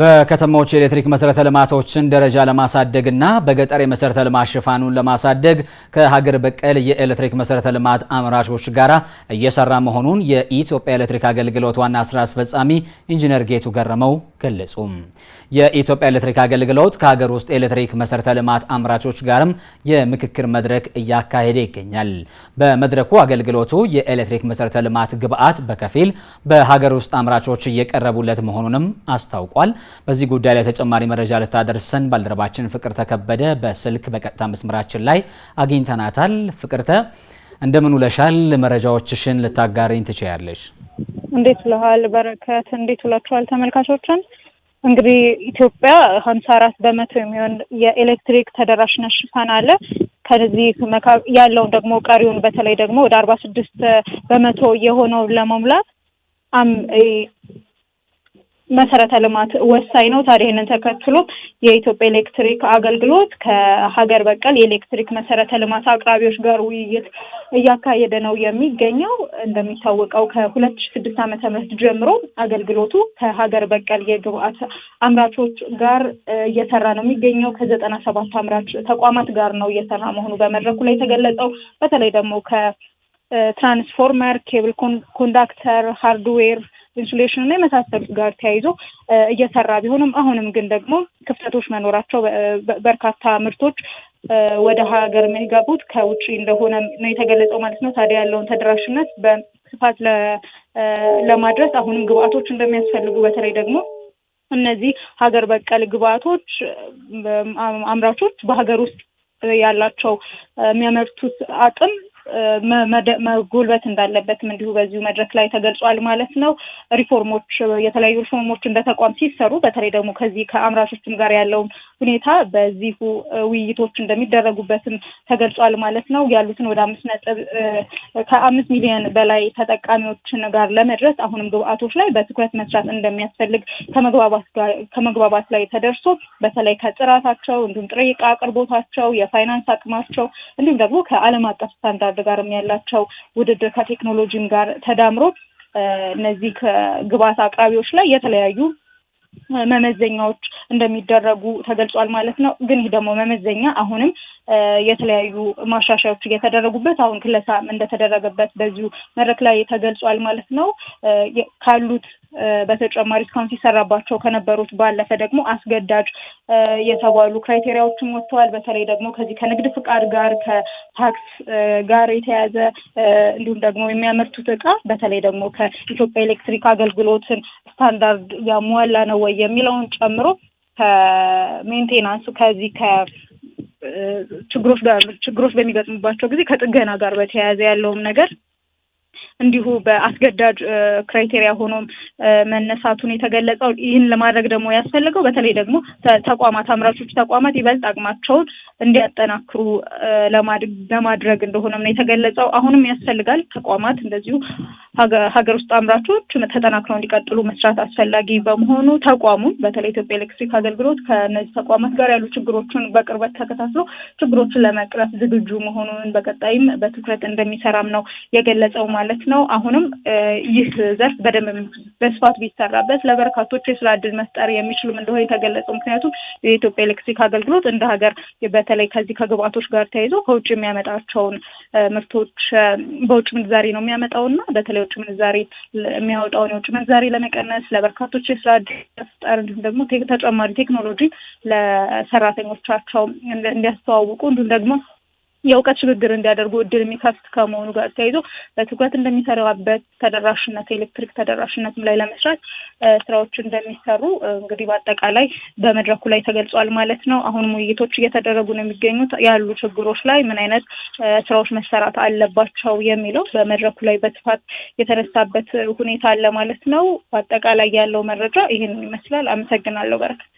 በከተማዎች የኤሌክትሪክ መሰረተ ልማቶችን ደረጃ ለማሳደግና በገጠር የመሰረተ ልማት ሽፋኑን ለማሳደግ ከሀገር በቀል የኤሌክትሪክ መሰረተ ልማት አምራቾች ጋር እየሰራ መሆኑን የኢትዮጵያ ኤሌክትሪክ አገልግሎት ዋና ስራ አስፈጻሚ ኢንጂነር ጌቱ ገረመው ገለጹ። የኢትዮጵያ ኤሌክትሪክ አገልግሎት ከሀገር ውስጥ ኤሌክትሪክ መሰረተ ልማት አምራቾች ጋርም የምክክር መድረክ እያካሄደ ይገኛል። በመድረኩ አገልግሎቱ የኤሌክትሪክ መሰረተ ልማት ግብዓት በከፊል በሀገር ውስጥ አምራቾች እየቀረቡለት መሆኑንም አስታውቋል። በዚህ ጉዳይ ላይ ተጨማሪ መረጃ ልታደርሰን ባልደረባችን ፍቅር ተከበደ በስልክ በቀጥታ መስመራችን ላይ አግኝተናታል። ፍቅርተ እንደምን ውለሻል? መረጃዎችሽን ልታጋሪኝ ትችያለሽ? እንዴት ብለሃል በረከት? እንዴት ብላችኋል ተመልካቾችን? እንግዲህ ኢትዮጵያ ሀምሳ አራት በመቶ የሚሆን የኤሌክትሪክ ተደራሽነት ሽፋን አለ። ከዚህ ያለውን ደግሞ ቀሪውን በተለይ ደግሞ ወደ አርባ ስድስት በመቶ የሆነውን ለመሙላት መሰረተ ልማት ወሳኝ ነው። ታዲያ ይህንን ተከትሎ የኢትዮጵያ ኤሌክትሪክ አገልግሎት ከሀገር በቀል የኤሌክትሪክ መሰረተ ልማት አቅራቢዎች ጋር ውይይት እያካሄደ ነው የሚገኘው። እንደሚታወቀው ከሁለት ሺ ስድስት ዓመተ ምህረት ጀምሮ አገልግሎቱ ከሀገር በቀል የግብአት አምራቾች ጋር እየሰራ ነው የሚገኘው። ከዘጠና ሰባት አምራች ተቋማት ጋር ነው እየሰራ መሆኑ በመድረኩ ላይ የተገለጸው። በተለይ ደግሞ ከትራንስፎርመር፣ ኬብል ኮንዳክተር፣ ሃርድዌር ኢንሱሌሽን እና የመሳሰሉት ጋር ተያይዞ እየሰራ ቢሆንም አሁንም ግን ደግሞ ክፍተቶች መኖራቸው በርካታ ምርቶች ወደ ሀገር የሚገቡት ከውጭ እንደሆነ ነው የተገለጸው ማለት ነው። ታዲያ ያለውን ተደራሽነት በስፋት ለማድረስ አሁንም ግብአቶች እንደሚያስፈልጉ በተለይ ደግሞ እነዚህ ሀገር በቀል ግብአቶች አምራቾች በሀገር ውስጥ ያላቸው የሚያመርቱት አቅም መጎልበት እንዳለበትም እንዲሁ በዚሁ መድረክ ላይ ተገልጿል ማለት ነው። ሪፎርሞች የተለያዩ ሪፎርሞች እንደ ተቋም ሲሰሩ በተለይ ደግሞ ከዚህ ከአምራቾችም ጋር ያለውን ሁኔታ በዚሁ ውይይቶች እንደሚደረጉበትም ተገልጿል ማለት ነው። ያሉትን ወደ አምስት ነጥብ ከአምስት ሚሊዮን በላይ ተጠቃሚዎችን ጋር ለመድረስ አሁንም ግብአቶች ላይ በትኩረት መስራት እንደሚያስፈልግ ከመግባባት ላይ ተደርሶ በተለይ ከጥራታቸው እንዲሁም ጥሬ አቅርቦታቸው፣ የፋይናንስ አቅማቸው እንዲሁም ደግሞ ከዓለም አቀፍ ስታንዳርድ ጋርም ያላቸው ውድድር ከቴክኖሎጂም ጋር ተዳምሮ እነዚህ ከግብአት አቅራቢዎች ላይ የተለያዩ መመዘኛዎች እንደሚደረጉ ተገልጿል ማለት ነው። ግን ይህ ደግሞ መመዘኛ አሁንም የተለያዩ ማሻሻያዎች እየተደረጉበት አሁን ክለሳ እንደተደረገበት በዚሁ መድረክ ላይ ተገልጿል ማለት ነው ካሉት በተጨማሪ እስካሁን ሲሰራባቸው ከነበሩት ባለፈ ደግሞ አስገዳጅ የተባሉ ክራይቴሪያዎችም ወጥተዋል። በተለይ ደግሞ ከዚህ ከንግድ ፍቃድ ጋር ከታክስ ጋር የተያዘ እንዲሁም ደግሞ የሚያመርቱት እቃ በተለይ ደግሞ ከኢትዮጵያ ኤሌክትሪክ አገልግሎትን ስታንዳርድ ያሟላ ነው ወይ የሚለውን ጨምሮ ከሜንቴናንሱ ከዚህ ከ ችግሮች ጋር ችግሮች በሚገጥሙባቸው ጊዜ ከጥገና ጋር በተያያዘ ያለውም ነገር እንዲሁ በአስገዳጅ ክራይቴሪያ ሆኖም መነሳቱን የተገለጸው። ይህን ለማድረግ ደግሞ ያስፈልገው በተለይ ደግሞ ተቋማት አምራቾች ተቋማት ይበልጥ አቅማቸውን እንዲያጠናክሩ ለማድረግ እንደሆነም ነው የተገለጸው። አሁንም ያስፈልጋል ተቋማት እንደዚሁ ሀገር ውስጥ አምራቾች ተጠናክረው እንዲቀጥሉ መስራት አስፈላጊ በመሆኑ ተቋሙ በተለይ ኢትዮጵያ ኤሌክትሪክ አገልግሎት ከእነዚህ ተቋማት ጋር ያሉ ችግሮችን በቅርበት ተከታትሎ ችግሮችን ለመቅረፍ ዝግጁ መሆኑን በቀጣይም በትኩረት እንደሚሰራም ነው የገለጸው ማለት ነው። አሁንም ይህ ዘርፍ በደንብ በስፋት ቢሰራበት ለበርካቶች የስራ እድል መፍጠር የሚችሉም እንደሆነ የተገለጸው ምክንያቱም የኢትዮጵያ ኤሌክትሪክ አገልግሎት እንደ ሀገር በተለይ ከዚህ ከግብአቶች ጋር ተያይዞ ከውጭ የሚያመጣቸውን ምርቶች በውጭ ምንዛሬ ነው የሚያመጣው እና በተለይ የውጭ ምንዛሬ የሚያወጣውን የውጭ ምንዛሬ ለመቀነስ ለበርካቶች የስራ እድል እንዲሁም ደግሞ ተጨማሪ ቴክኖሎጂ ለሰራተኞቻቸው እንዲያስተዋውቁ እንዲሁም ደግሞ የእውቀት ሽግግር እንዲያደርጉ እድል የሚከፍት ከመሆኑ ጋር ተያይዞ በትኩረት እንደሚሰራበት ተደራሽነት ኤሌክትሪክ ተደራሽነትም ላይ ለመስራት ስራዎች እንደሚሰሩ እንግዲህ በአጠቃላይ በመድረኩ ላይ ተገልጿል ማለት ነው። አሁንም ውይይቶች እየተደረጉ ነው የሚገኙት። ያሉ ችግሮች ላይ ምን አይነት ስራዎች መሰራት አለባቸው የሚለው በመድረኩ ላይ በስፋት የተነሳበት ሁኔታ አለ ማለት ነው። በአጠቃላይ ያለው መረጃ ይህን ይመስላል። አመሰግናለሁ በረከት።